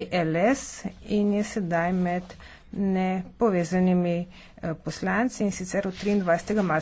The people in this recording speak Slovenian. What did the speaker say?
LS in je sedaj med nepovezanimi eh, poslanci in sicer od 23. marca.